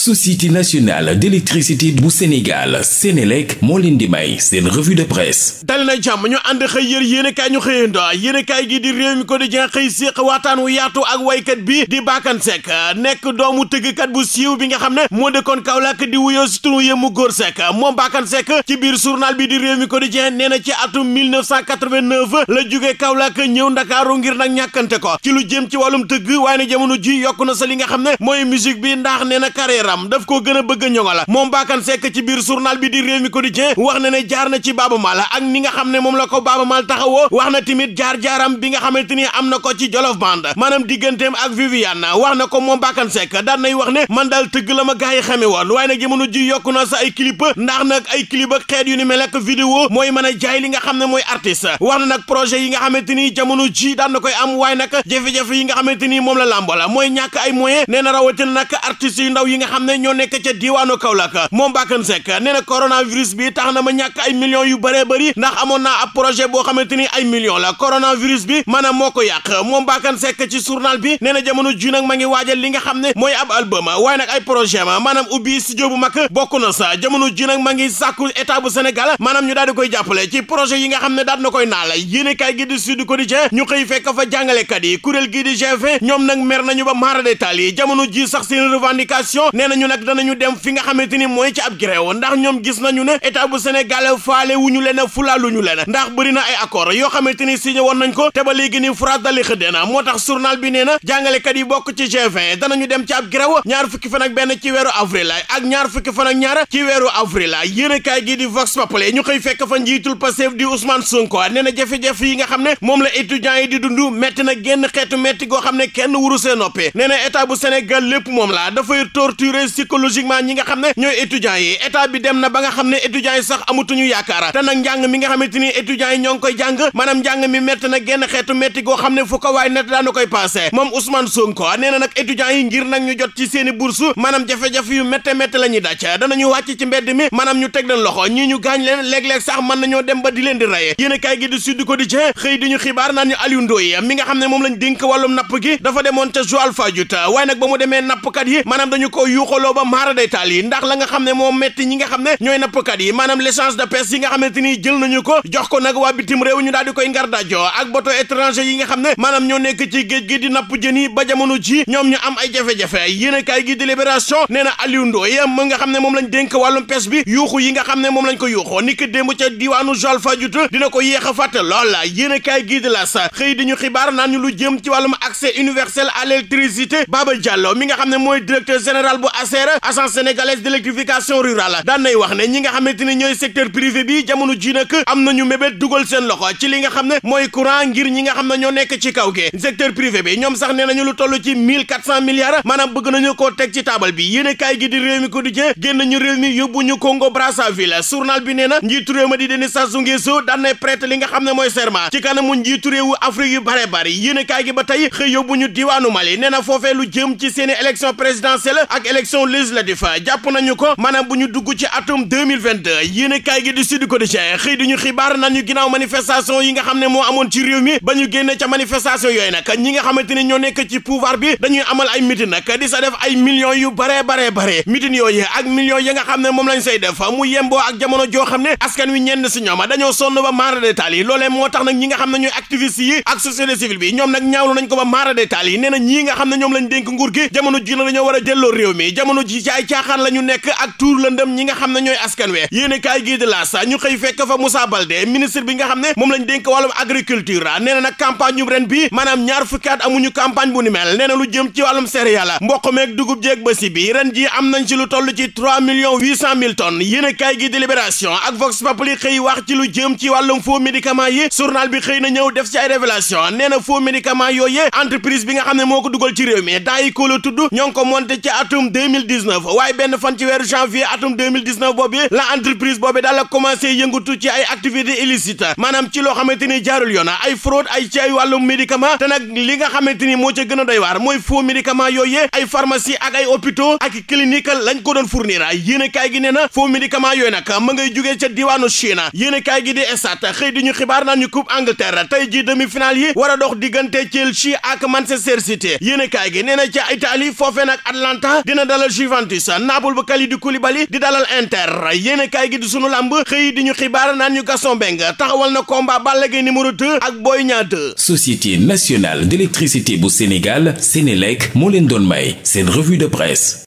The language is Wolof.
société nationale d'électricité bu Sénégal Sénélec moo leen di may seen revue de presse dali na jàmm ñu ànd xëy yër yéenekaay ñu xëyando yéenekaay gi di réew mi ko di jen xëy séq waxtaan wu yaatu ak waykat bi di Bakane Seck nekk doomu tëggkat bu siiw bi nga xam ne moo dëkkoon Kaolack di wuyoo si turu Yemou góor Seck moom Bakane Seck ci biir journal bi di réew mi ko di jen nee na ci atum 1989 la jógee Kaolack ñëw Ndakaaru ngir nag ñàkkante ko ci lu jëm ci wàllum tëgg waaye ne jamono ji yokk na sa li nga xam ne mooy musique bi ndax nee na carrière yaram daf koo gën a bëgg a ñoŋal moom Bakane Seck ci biir journal bi di Rewmi wax na ne jaar na ci Baaba Maal ak ni nga xam ne moom la ko Baaba Maal taxawoo wax na tamit jaar-jaaram bi nga xamante ni am na ko ci Jolof Band maanaam digganteem ak Viviane wax na ko moom Bakane Seck daan nay wax ne man daal tëgg la ma gars yi xame woon waaye nag jamono ji na sa ay clip ndax nag ay clip ak xeet yu ni a jaay li nga xam ne mooy artiste wax na nag projet yi nga xamante ni jamono ji daan na koy am waaye nag jafe-jafe yi nga ni moom la la mooy ñàkk ay moyen nee na rawatina yi nga xam xam ne ñoo nekk ca diwaanu Kaolack moom Bakane Seck nee na coronavirus bi tax na ma ñàkk ay millions yu bëree bëri ndax amoon naa ab projet boo xamante ni ay millions la coronavirus bi maanaam moo ko yàq moom Bakane Seck ci journal bi nee na jamono jii nag ma ngi waajal li nga xam ne mooy ab album waaye nag ay projet ma maanaam ubbi studio bu mag bokk na sa jamono jii nag ma ngi sàkku état bu Sénégal maanaam ñu daal di koy jàppale ci projet yi nga xam ne daal na koy naal yéene kaay gi di Sud Quotidien ñu xëy fekk fa jàngalekat yi kuréel gi di g na ñoom nag mer nañu ba maara détail yi jamono ji sax seen revendication nee nañu nag danañu dem fi nga xamante ni mooy ci ab grève ndax ñoom gis nañu ne état bu Sénégal faale wu ñu leen fulaa ñu leen ndax bëri ay accord yoo xamante ni signé woon nañ ko te ba léegi ni France dali xëddee na moo tax journal bi nee na jàngalekat yi bokk ci G20 danañu dem ci ab grève ñaar fukki fan benn ci weeru avril ak ñaar fukki fan ak ñaar ci weeru avril yéenekaay gi di Vox Populi ñu xëy fekk fa njiitul Pastef di Ousmane Sonko nee na jafe yi nga xam ne moom la étudiants yi di dund métti na génn xeetu métti goo xam ne kenn wuru see noppee nee na état bu Sénégal lépp moom la dafay torturer retrouver psychologiquement ñi nga xam ne ñooy étudiants yi état bi dem na ba nga xam ne étudiants yi sax amatuñu yaakaar te nag njàng mi nga koy jàng maanaam njàng mi métti na genn xeetu métti goo xam ne fu na nag étudiants yi ngir nag ñu jot ci seeni bourse maanaam jafe-jafe yu métte métte la ñuy daj danañu wàcc ci mbedd mi maanaam ñu teg leen loxo ñii ñu gaañ leen léeg-léeg sax mën nañoo dem ba di leen di rey yéen a kaay gi di Sud Quotidien xëy di ñu xibaar naan ñu Aliou Ndoye mi nga xam ne moom lañ dénk wàllum napp gi dafa demoon ca Joal Fadiouth waaye xoloo ba maara xam ne moo metti xam ne ñooy nappkat yi maanaam licence de pêche yi nga xamante ni jël nañu ko jox ko nag waa bitim réew ne maanaam ñoo nekk ci géej gi di napp jën yi ba jamono ji ñoom ñu am ay jafe-jafe yéenekaay gi di Libération nee na Aliou Ndoye nga xam ne moom lañ dénk wàllum pêche bi yuuxu yi nga xam ne moom lañ ko yuuxoo ni ki démb ca diwaanu Joal Fadiouth dina ko yéex a fàtte lool yéenekaay gi di L'As xëy di ñu xibaar naan ñu lu jëm ci wàllum accès universel à l'électricité Baba Diallo mi nga xam ne mooy directeur général bu ASER agence sénégalaise d'électrification rurale daan nay wax ne ñi nga xamante ni ñooy secteur privé bi jamono ji nag am nañu mébét dugal seen loxo ci li nga xam ne mooy courant ngir ñi nga xam ne ñoo nekk ci kaw gi secteur privé bi ñoom sax nee nañu lu toll ci mille quatre cent milliards maanaam bëgg nañu koo teg ci taabal bi yéen a kaay gi di réew mi ko di jee génn ñu réew mi yóbbu ñu Congo Brazzaville journal bi nee na njiitu réew ma di Denis Sassou Nguesso daan nay prête li nga mooy serment ci kanamu njiitu réewu Afrique yu bare bare gi ba tey xëy diwaanu Mali nee na foofee lu jëm ci seeni élection présidentielle ak élection législative jàpp nañu ko maanaam bu ñu dugg ci atum 2022 yéen a kaay gi di Sud Quotidien xëy di ñu nañu ginnaaw manifestation yi nga xam ne amoon ci réew mi ba ñu génne ca manifestation yooyu nag ñi nga xamante ni ñoo nekk ci pouvoir bi dañuy amal ay mitin nag di sa def ay baree baree baree mitin ak millions yi nga xam ne moom lañ say def mu yemboo ak jamono joo xam ne askan wi ñenn si ñoom dañoo sonn ba maara détaal yi moo tax nag ñi nga xam ne ñooy activiste yi ak société civile bi ñoom nag ñaawlu yi nee na ñi nga xam ne ñoom lañ dénk nguur gi jamono ji la dañoo war a delloo réew mi yi jamono ji ci ay caaxaan la nekk ak tuur lëndëm ñi nga xam ne ñooy askan we yéen i kaay gii di laas ñu xëy fekk fa Moussa Baldé ministre bi nga xam ne moom lañ dénk wàllum agriculture nee na nag campagne ñu ren bi maanaam ñaar fukki amuñu campagne bu ni mel nee na lu jëm ci wàllum céréales mboq meeg dugub jeeg ba bi ren ji am nañ ci lu toll ci trois millions huit cent mille tonnes yéen i kaay gii di libération ak Vox Populi xëy wax ci lu jëm ci wàllum faux médicament yi journal na ñëw def ci ay révélation nee na faux médicament yooyu xam ne moo ko dugal ci réew mi 2019 waaye benn fan ci weeru janvier atum 2019 boobu la entreprise boobu daal la commencé yëngatu ci ay activité illicite maanaam ci loo xamante ni jaarul yoon ay fraude ay ci ay wàllum médicament te nag li nga xamante ni moo ca gën a doy waar mooy faux médicament yooyu ay pharmacie ak ay hôpitaux ak clinique lañ ko doon fournir yéen a kaay gi nee na faux médicament yooyu nag ma ngay jugee ca diwaanu Chine yéen a kaay gi di estat xëy di ñu xibaar naan ñu coupe Angleterre tey gi nee na ca Italie dalal Juventus Naples bu Kalidou Koulibaly di dalal Inter yéen a gi di sunu lamb xëy di ñu xibaar naan ñu Gaston Mbengue taxawal na combat Balla Gaye numéro 2 ak Boy Niang 2. Société nationale d'électricité bu Sénégal Sénélec moo leen doon may seen revue de presse.